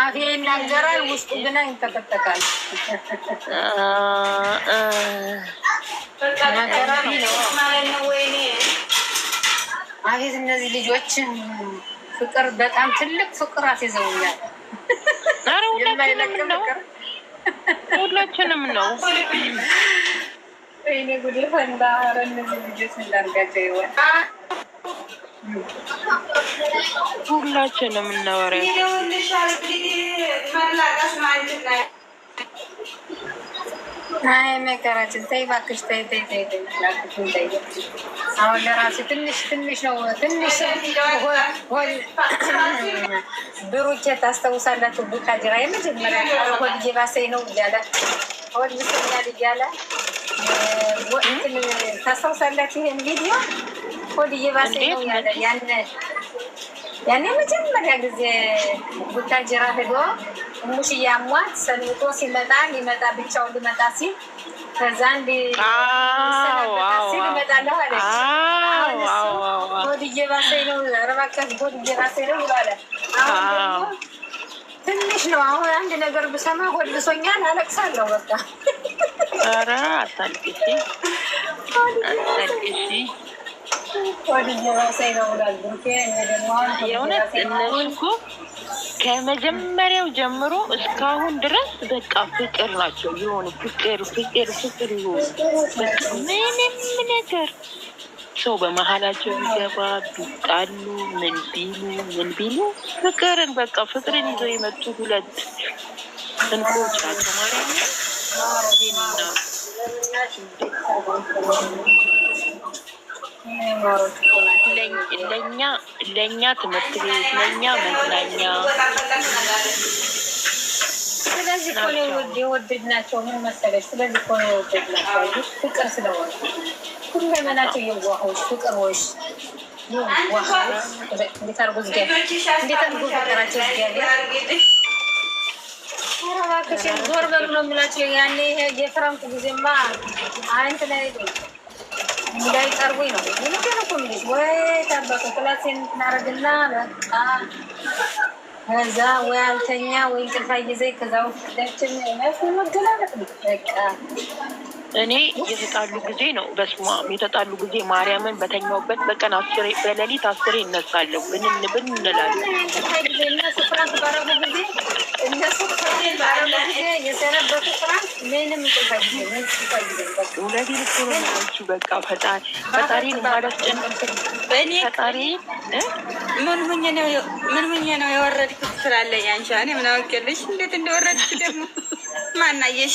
አፌ ይናገራል፣ ውስጡ ግን ይንተከተካል። አቤት እነዚህ ልጆች ፍቅር፣ በጣም ትልቅ ፍቅር አስይዘውኛል። ሁላችንም ነው። ወይኔ ጉዴ ፈንዳ! እነዚህ ልጆች እንዳርጋቸው ይሆን ሁላችንም እናወራለን። አይ ተይ እባክሽ ተይ ተይ ተይ አሁን ለራሱ ትንሽ ትንሽ ነው ትንሽ ብሩኬ ታስታውሳላችሁ? ቡታጅራ የመጀመሪያ ሆድ እየባሰኝ ነው እያለ ሆድ ብሶኛል እያለ ታስታውሳላችሁ? ይሄን ቪዲዮ ሆድ እየባሰ ነው ያለ። ያኔ መጀመሪያ ጊዜ ቡታጅራ ሄዶ ሙሽ እያሟት ሰልምቶ ሲመጣ ሊመጣ ብቻው ሊመጣ ሲል ከዛ እንዲ ሲል አለች። ሆድ እየባሰ ነው ረባቀት ሆድ እየባሰ ነው ይባለ። አሁን ትንሽ ነው። አሁን አንድ ነገር ብሰማ ሆድ ብሶኛል አለቅሳለሁ። በቃ ኧረ አታልቅሽ አታልቅሽ የእውነት እነሱ እኮ ከመጀመሪያው ጀምሮ እስካሁን ድረስ በቃ ፍቅር ናቸው። የሆኑ ፍቅር ፍቅር ፍቅር ምንም ነገር ሰው በመሀላቸው ቢገባ ቢጣሉ ምን ቢሉ ምን ቢሉ ፍቅርን በቃ ፍቅርን ይዘው የመጡ ሁለት እንቁዎች ተማሪ ማርያም ለእኛ ለእኛ ትምህርት ቤት ለእኛ መዝናኛ ስለዚህ እኮ የወደድናቸው ምን መሰለሽ? ስለዚህ እኮ የወደድናቸው ፍቅር ስለሆነ ሁሉ ሁለመናቸው የዋሆች ፍቅሮች እንዴት አድርጎ እንዴት አድርጎ ፍቅራቸው ዞር በሉ ነው የምላቸው። ያኔ የፍራንክ ጊዜማ አንት ላይ እንዳይጠርቡኝ ነው ነገር እኮ የሚልሽ ወይ ታበቁ ክላስ የምትናረግና በቃ ከዛ ወይ አልተኛ ወይ እንቅልፍ ጊዜ ከዛ ውስጥ ደችን መገላለጥ ነው በቃ እኔ የተጣሉ ጊዜ ነው። በስማ የተጣሉ ጊዜ ማርያምን በተኛውበት በቀን አስሬ በሌሊት አስሬ ይነሳለሁ። ብንን ብን እንላለን። እውነቴን እኮ ነው በቃ ፈጣሪ ፈጣሪ ፈጣሪን ምን ሁኜ ነው የወረድኩት ስላለኝ አንቺ እኔ ምን አውቄልሽ? እንዴት እንደወረድኩ ደግሞ ማናየሽ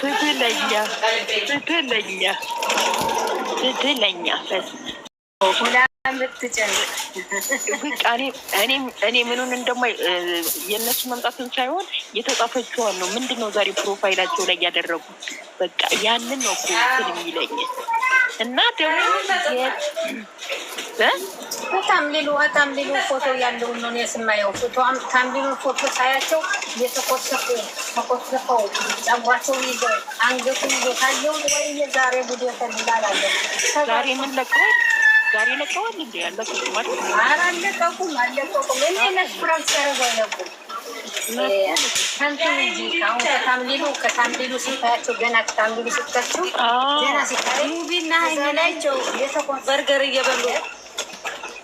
ፍትህ ለኛ ፍትህ እኔ ምኑን እንደማ የእነሱ መምጣትን ሳይሆን የተጻፈችዋን ነው። ምንድን ነው ዛሬ ፕሮፋይላቸው ላይ ያደረጉ? በቃ ያንን ነው እኮ እንትን የሚለኝ እና ደግሞ ታምሊሉ ታምሊሉ ፎቶ ያለውን ነው የስማየው። ታምሊሉ ፎቶ ሳያቸው የተኮሰፉ ተኮሰፈው ጸጉራቸው ይዘው አንገቱ ይዞ ታየው ወይ የዛሬ ጉድ ተላላለ። ዛሬ ምን ለቀው ዛሬ ለቀዋል እንዴ? ያለቁ ማለት ኧረ አለቀቁም፣ አለቀቁም። እኔ ነስፕራንስ ያደረገው አይለቁም ከንትን እንጂ አሁን ከታምሊሉ ከታምሊሉ ስታያቸው ገና ከታምሊሉ ስታቸው ገና ሲታ ሙቢና ሀይሚ ናቸው በርገር እየበሉ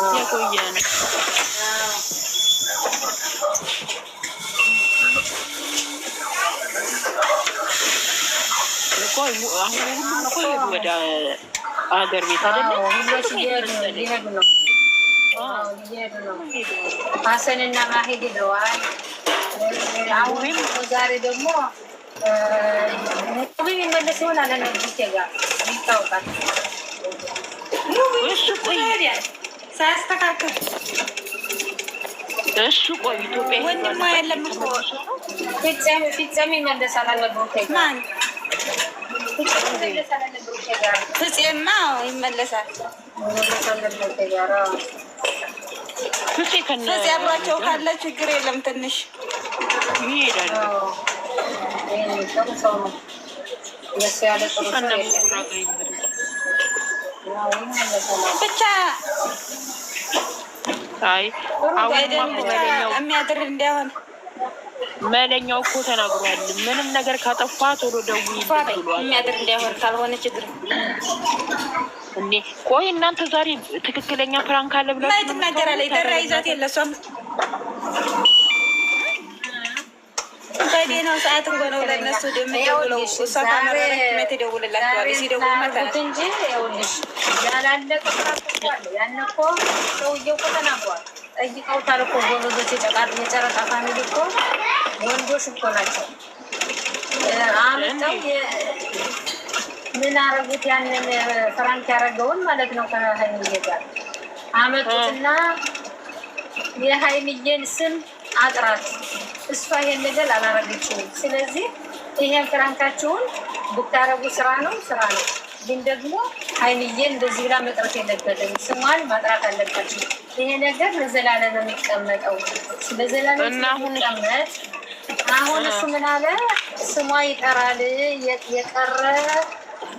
Ya kuyan. Koy, ada agar bisa ada. Oh, hindi siya gano'n, hindi na gano'n. Oh, na doon. Awin, magari doon mo. Kami may manas mo na na nagsisaga. Ikaw ሳያስተካከል እሺ ቆይ ኢትዮጵያ ወንድማ ያለም ፍፄም ይመለሳል ማን ፍፄማ ይመለሳል ፍፄ አብሯቸው ካለ ችግር የለም ትንሽ ይሄዳል ብቻ አይ የሚያድር እንዲያሆን መለኛው እኮ ተናግሯል። ምንም ነገር ካጠፋ ቶሎ ደውዪ የሚያድር እንዳይሆን ካልሆነ ችግር እኔ ቆይ እናንተ ዛሬ ትክክለኛ ፕራንክ አለ ብላ ነገር አለ ይዘት የለ እሷም በዴናው ሰዓት እንኳ ነው ለእነሱ ደምደውለው እሷ ከመረረችመ ትደውልላቸዋል ሲደውል ማለት እንጂ ያላለቀ ያን እኮ ሰውዬው እኮ ተናግሯል። ጠይቀውታል እኮ ጎበዞች፣ የጨረቃ ፋሚሊ እኮ ወንዶች እኮ ናቸው። አምጠው ምን አረጉት? ያንን ፍራንክ ያደረገውን ማለት ነው ከሀይሚዬ ጋር አመጡትና የሀይሚዬን ስም አጥራት እሷ ይሄን ነገር አላረገችውም። ስለዚህ ይሄን ፍራንካችሁን ብታረጉ ስራ ነው ስራ ነው፣ ግን ደግሞ ሀይሚዬ እንደዚህ ብላ መጥራት የለበትም። ስሟን ማጥራት አለባችሁ። ይሄ ነገር ለዘላለም ነው የሚቀመጠው። ለዘላለም የሚቀመጥ አሁን እሱ ምን አለ? ስሟ ይጠራል። የቀረ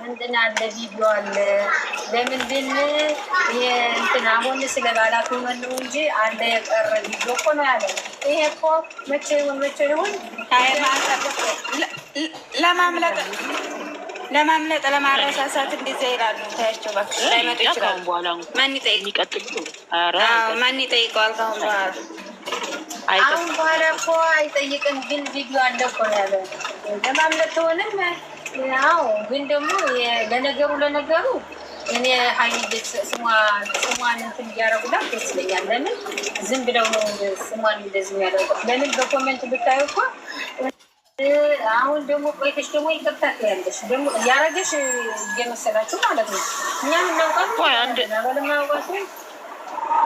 እንትን አለ ቪዲዮ አለ። ለምንድን ይሄ እንትን አሁን ስለ ባላት ሆነ ነው እንጂ አለ የቀረ ቪዲዮ እኮ ነው ያለው ይሄ እኮ መቼ ይሁን መቼ ይሁን ለማምለጥ ለማምለጥ ለማረሳሳት እንደዚያ ይላሉ። ታያቸው እባክሽ ላይመጡ ይችላሉ። ማን ይጠይቀዋል? ካሁን በኋላ አሁን በኋላ እኮ አይጠይቅም። ግን ቪዲዮ አለ እኮ ነው ያለው። ለማምለጥ ከሆነም አዎ። ግን ደግሞ ለነገሩ ለነገሩ እኔ ሀይል ስሟ ስሟን ቢያደርጉላት ደስ ይለኛል። ለምን ዝም ብለው ነው ስሟን እንደዚህ የሚያደርጉት? ለምን በኮመንት ብታዩ እኮ አሁን ደግሞ ቆይተሽ ደግሞ ይቅርታ ያለሽ ደግሞ ያረገሽ እየመሰላችሁ ማለት ነው። እኛም ምናውቃለማውቃት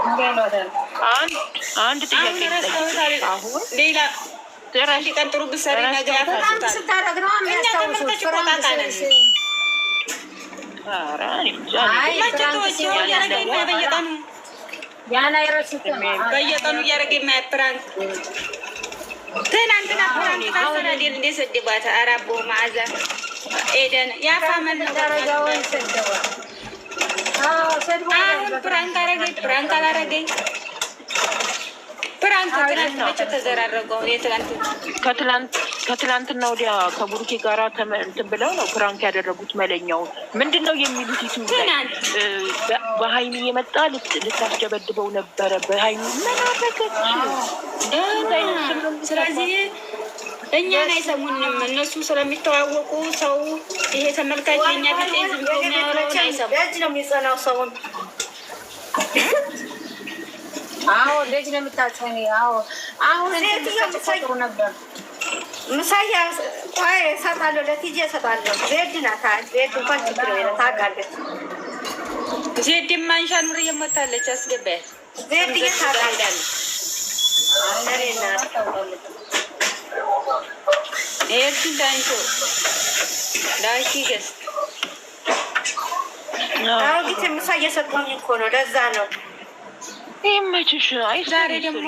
እንዳይሏታል። አንድ ጥያቄ አሁን ሌላ እንዲቀጥሩ ብሰሪ ነገር ስታረግ ነው የሚያስታውሱት ፍራንስ አይ ፍራንስ ሲሆን ያረገ ያን አይረሱትም። በየቀኑ እያደረገ የማያት ፕራንክ ትናንትና ፕራንክ ታሰራ እንደ ሰደባት አራቦ ማዕዛ ኤደን ያፋመን ነው አሁን ፕራንክ አረገኝ ፕራንክ አላረገኝ ፕራንክ ትናንት መቼ ተዘራረገው የትናንት ከትናንት ከትላንትና ወዲያ ከቡሩኬ ጋራ እንትን ብለው ነው ፕራንክ ያደረጉት። መለኛው ምንድን ነው የሚሉት? ዩቱብ ላይ በሀይሚ የመጣ ልታስጀበድበው ነበረ። በሀይሚ ምን አደረገች? ስለዚህ እኛን አይሰሙንም። እነሱ ስለሚተዋወቁ ሰው ይሄ ተመልካች ኛ ነው የሚጸናው ሰውን አዎ፣ ልጅ ነው የምታጸኒ። አዎ አሁን ጥሩ ነበር ምሳያ ቆይ እሰጣለሁ፣ ለቲጂ እሰጣለሁ። ዜድ ናት። ዜድ እንኳን ችግር የለም ታውቃለች። ዜድ ማንሻ ኑር እየሞታለች አስገባያል። ዜድ እየታቃለች ኤርዲ ዳንሾ ዳኪ ገስ አውጊት ምሳ እየሰጡኝ እኮ ነው። ለዛ ነው ይመችሽ። አይ ዛሬ ደግሞ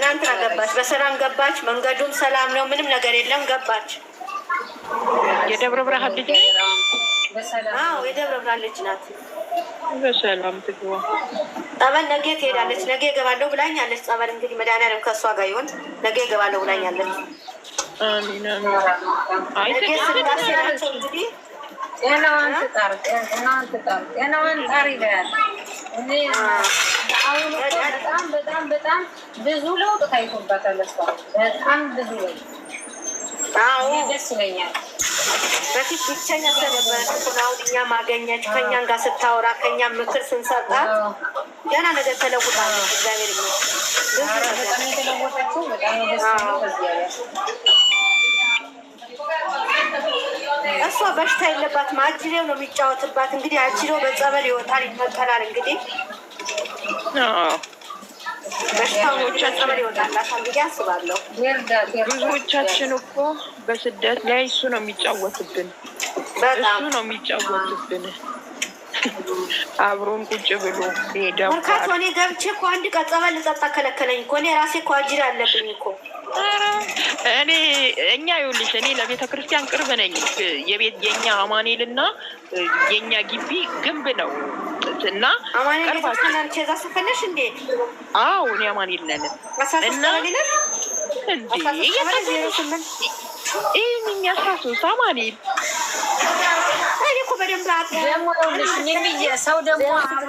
ትናንትና ገባች፣ በሰላም ገባች። መንገዱም ሰላም ነው፣ ምንም ነገር የለም። ገባች። የደብረ ብርሃን ልጅ አዎ፣ የደብረ ብርሃን ልጅ ናት። በሰላም ትግባ። ጸበል ነገ ትሄዳለች። ነገ እገባለሁ ብላኛለች። ጸበል እንግዲህ መድኃኒዓለም ከእሷ ጋር ይሆን። ነገ እገባለሁ ብላኛለች። ነገ ስላሴናቸው እንግዲህ ጤናዋን ትጠር፣ ጤናዋን ትጠር፣ ጤናዋን ጠር ይለያል። አሁን በጣም በጣም በጣም ብዙ ለውጥ ታይቶባታል። በጣም ብዙ ለውጥ ደስ ይለኛል። በፊት ብቸኛ ስለነበረ አሁን እኛ ማገኘች ከእኛን ጋር ስታወራ ከእኛ ምክር ስንሰጣት ገና ነገር ተለውጣለች። እግዚአብሔር ይመስገን እሷ በሽታ የለባት አጅሬው ነው የሚጫወትባት። እንግዲህ አጅሬው በጸበል ይወጣል ይመከራል እንግዲህ ብዙዎቻችን እኮ በስደት ላይ እሱ ነው የሚጫወትብን፣ እሱ ነው የሚጫወትብን። አብሮን ቁጭ ብሎ ሄደው መርካቶ እኔ ገብቼ እኮ አንድ ቀን ልጠጣ ከለከለኝ እኮ። እኔ ራሴ እኮ አጅር አለብኝ እኮ እኔ እኛ ይኸውልሽ፣ እኔ ለቤተ ክርስቲያን ቅርብ ነኝ። የቤት የኛ አማኔልና የኛ ግቢ ግንብ ነው ያለሁት እና አዎ እኔ አማኑኤል ነን እና ይህን አስራ ሶስት አማኑኤል ሰው ደግሞ